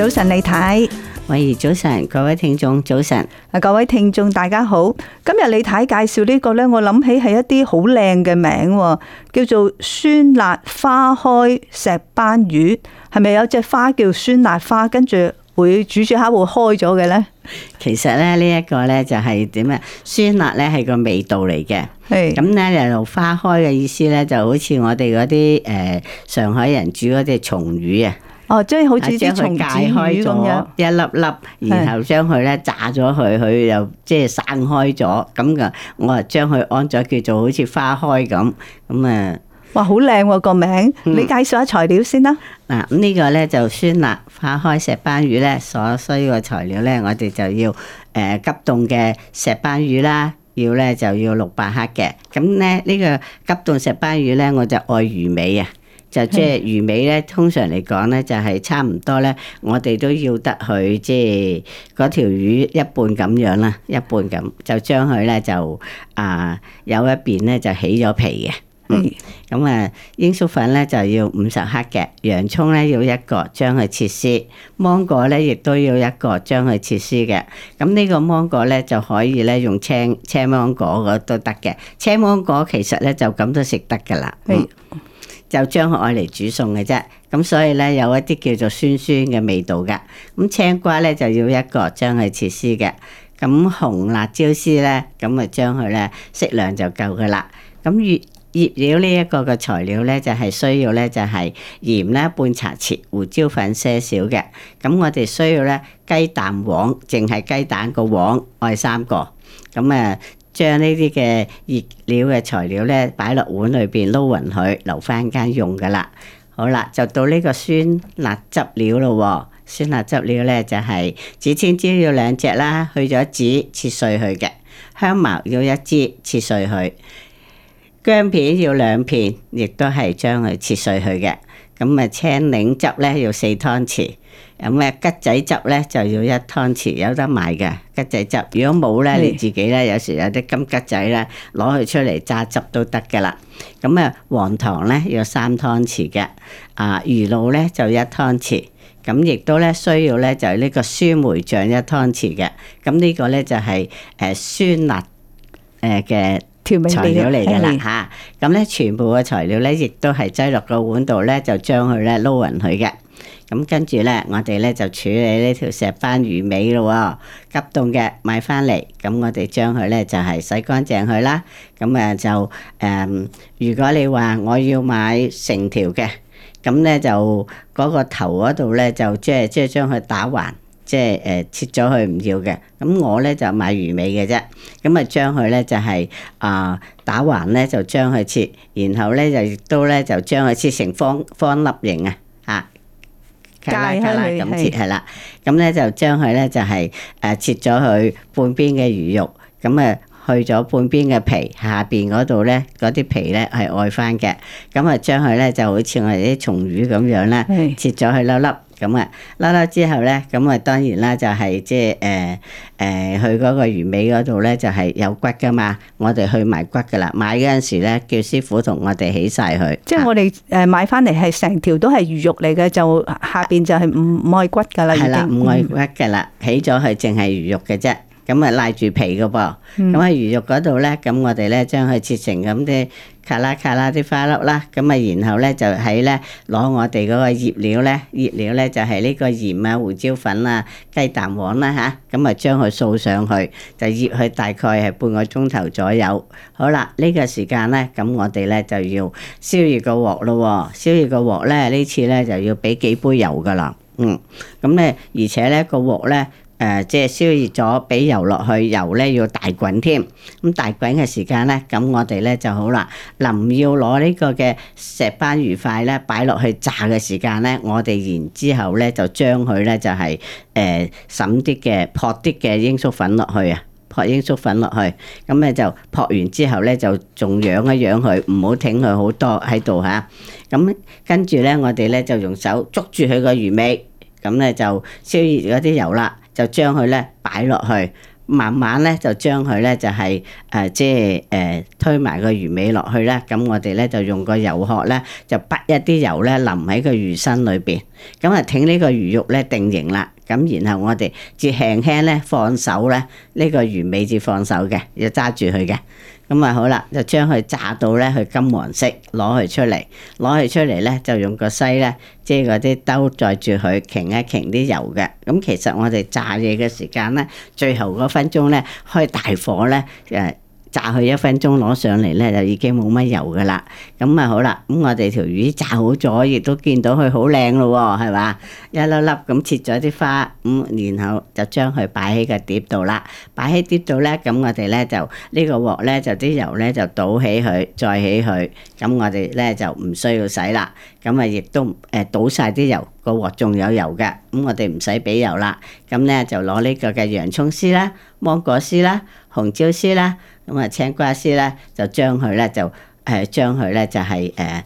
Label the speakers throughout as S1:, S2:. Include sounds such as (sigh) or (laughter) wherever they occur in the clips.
S1: 早晨，李太，
S2: 喂，早晨，各位
S1: 聽眾，早晨，嗱，各位聽眾大家好。今日李太介紹呢個呢，我諗起係一啲好靚嘅名，叫做酸辣花開石斑魚。係咪有隻花叫酸辣花，跟住會煮煮下會開咗嘅咧？其實咧呢一個呢就係點啊？酸辣呢，係個味道嚟嘅，係
S2: 咁咧就花開嘅意思呢，就好似我哋嗰啲誒上海人煮嗰隻松魚啊。
S1: 哦，即係將好似啲松子魚咁
S2: 樣，一粒粒，的然後將佢咧炸咗佢，佢又即係散開咗咁嘅。我啊將佢安咗，叫做好似花開咁，咁啊，哇，好、這、靚個名！嗯、你
S1: 介紹下材料先啦。
S2: 嗱、嗯，咁、這、呢個咧就酸辣花開石斑魚咧所需嘅材料咧，我哋就要誒急凍嘅石斑魚啦，要咧就要六百克嘅。咁咧呢個急凍石斑魚咧，我就愛魚尾啊！就即係魚尾咧，通常嚟講咧，就係、是、差唔多咧。我哋都要得佢即係嗰條魚一半咁樣啦，一半咁就將佢咧就啊、呃、有一邊咧就起咗皮嘅。咁、嗯、啊，鷹粟粉咧就要五十克嘅，洋葱咧要一個將佢切絲，芒果咧亦都要一個將佢切絲嘅。咁呢個芒果咧就可以咧用青青芒果個都得嘅，青芒果其實咧就咁都食得噶啦。嗯嗯就將佢愛嚟煮餸嘅啫，咁所以咧有一啲叫做酸酸嘅味道噶。咁青瓜咧就要一個將佢切絲嘅，咁紅辣椒絲咧咁啊將佢咧適量就夠噶啦。咁醃醃料呢一個嘅材料咧就係、是、需要咧就係鹽咧半茶匙胡椒粉些少嘅。咁我哋需要咧雞蛋黃淨係雞蛋個黃，愛三個。咁啊。將呢啲嘅熱料嘅材料咧，擺落碗裏邊撈匀佢，留翻間用噶啦。好啦，就到呢個酸辣汁料咯，哦。酸辣汁料咧就係、是、指青椒要兩隻啦，去咗籽切碎去嘅。香茅要一支，切碎佢；薑片要兩片，亦都係將佢切碎去嘅。咁啊青檸汁咧要四湯匙，咁啊桔仔汁咧就要一湯匙，有得賣嘅桔仔汁。如果冇咧，是你自己咧有時有啲金桔仔咧，攞佢出嚟榨汁都得㗎啦。咁啊黃糖咧要三湯匙嘅，啊魚露咧就一湯匙。咁亦都咧需要咧就呢個酸梅醬一湯匙嘅。咁、這、呢個咧就係誒酸辣誒嘅。材料嚟噶啦吓，咁咧的、啊、全部嘅材料咧，亦都係擠落個碗度咧，就將佢咧撈勻佢嘅。咁跟住咧，我哋咧就處理呢條石斑魚尾咯。急凍嘅買翻嚟，咁我哋將佢咧就係洗乾淨佢啦。咁啊就誒、呃，如果你話我要買成條嘅，咁咧就嗰個頭嗰度咧就即係即係將佢打橫。即係誒切咗佢唔要嘅，咁我咧就買魚尾嘅啫，咁啊將佢咧就係、是、啊、呃、打橫咧就將佢切，然後咧就亦都咧就將佢切成方方粒形啊
S1: 嚇，啦咁切係
S2: 啦，咁咧的就將佢咧就係、是、誒、呃、切咗佢半邊嘅魚肉，咁啊去咗半邊嘅皮，下邊嗰度咧嗰啲皮咧係外翻嘅，咁啊將佢咧就好似我哋啲松魚咁樣咧，切咗佢粒粒。咁啊，拉拉之後咧，咁啊當然啦、就係，就係即係誒誒，去嗰個魚尾嗰度咧，就係有骨噶嘛。我哋去埋骨噶啦，買嗰陣時咧，叫師傅同我哋起晒佢。
S1: 即係我哋誒買翻嚟係成條都係魚肉嚟嘅，就下邊就係唔愛骨噶啦，已經唔愛、嗯、骨噶啦，
S2: 起咗佢淨係魚肉嘅啫。咁啊賴住皮嘅噃。咁喺、嗯、魚肉嗰度咧，咁我哋咧將佢切成咁啲。卡啦卡啦啲花粒啦，咁啊，然後咧就喺咧攞我哋嗰個醃料咧，醃料咧就係呢個鹽啊、胡椒粉啊、雞蛋黃啦吓，咁啊將佢掃上去，就醃佢大概係半個鐘頭左右。好啦，呢個時間咧，咁我哋咧就要燒熱個鑊咯。燒熱個鑊咧，呢次咧就要俾幾杯油噶啦。嗯，咁咧而且咧個鑊咧。誒，即係燒熱咗，俾油落去，油咧要大滾添。咁大滾嘅時間咧，咁我哋咧就好啦。臨要攞呢個嘅石斑魚塊咧，擺落去炸嘅時間咧，我哋然之後咧就將佢咧就係誒撒啲嘅撲啲嘅鷹粟粉落去啊，撲鷹粟粉落去。咁咧就撲完之後咧就仲揚一揚佢，唔好挺佢好多喺度嚇。咁跟住咧，我哋咧就用手捉住佢個魚尾，咁咧就燒熱嗰啲油啦。就將佢咧擺落去，慢慢咧就將佢咧就係、是、誒、呃、即係誒。呃推埋個魚尾落去咧，咁我哋咧就用個油殼咧，就潑一啲油咧淋喺個魚身裏邊，咁啊，整呢個魚肉咧定型啦。咁然後我哋至輕輕咧放手咧，呢個魚尾至放手嘅，要揸住佢嘅。咁啊好啦，就將佢炸到咧去金黃色，攞佢出嚟，攞佢出嚟咧就用個篩咧，即係嗰啲兜載住佢，擎一擎啲油嘅。咁其實我哋炸嘢嘅時間咧，最後嗰分鐘咧，開大火咧，誒。炸佢一分鐘攞上嚟咧，就已經冇乜油噶啦。咁咪好啦，咁我哋條魚炸好咗，亦都見到佢好靚咯，係嘛？一粒粒咁切咗啲花，咁、嗯、然後就將佢擺喺個碟度啦。擺喺碟度咧，咁我哋咧就呢個鑊咧就啲油咧就倒起佢，再起佢。咁我哋咧就唔需要洗啦。咁啊，亦都誒倒晒啲油，這個鑊仲有油嘅。咁我哋唔使俾油啦。咁咧就攞呢個嘅洋葱絲啦、芒果絲啦、紅椒絲啦。咁啊青瓜絲咧就將佢咧就誒將佢咧就係誒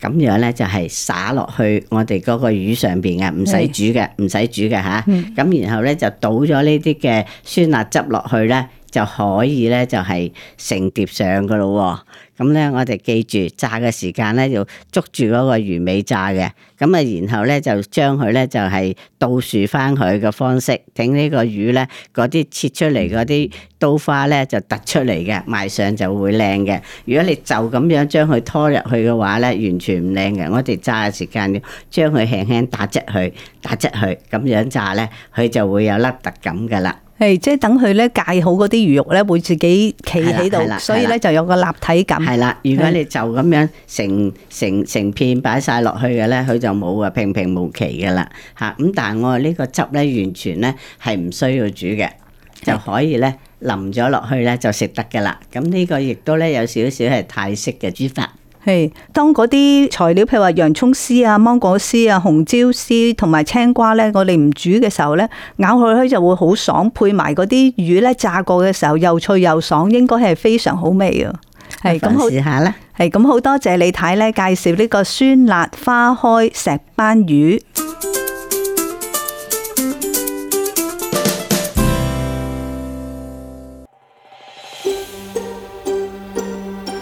S2: 咁樣咧就係灑落去我哋嗰個魚上邊嘅，唔使煮嘅，唔使煮嘅吓。咁、啊、 (noise) 然後咧就倒咗呢啲嘅酸辣汁落去咧。就可以咧，就係成碟上噶咯喎。咁咧，我哋記住炸嘅時間咧，要捉住嗰個魚尾炸嘅。咁啊，然後咧就將佢咧就係、是、倒轉翻佢嘅方式，整呢個魚咧，嗰啲切出嚟嗰啲刀花咧就突出嚟嘅，賣相就會靚嘅。如果你就咁樣將佢拖入去嘅話咧，完全唔靚嘅。我哋炸嘅時間要將佢輕輕打側去，打側去，咁樣炸咧，佢就會有粒突感噶啦。
S1: 係，即係等佢咧，解好嗰啲魚肉咧，會自己企喺度，啦所以咧就有個立體
S2: 感。係啦係啦，如果你就咁樣成成成片擺晒落去嘅咧，佢就冇啊，平平無奇噶啦吓。咁但係我話呢個汁咧，完全咧係唔需要煮嘅，係啦就可以咧淋咗落去咧就食得噶啦。咁呢個亦都咧有少
S1: 少係泰式嘅煮法。係，當嗰啲材料譬如話洋葱絲啊、芒果絲啊、紅椒絲同埋青瓜咧，我哋唔煮嘅時候咧，咬落去就會好爽，配埋嗰啲魚咧炸過嘅時候又脆又爽，應該係非常好味是是好味啊！係咁試下啦，係咁好多謝你睇咧介紹呢個酸辣花開石斑魚。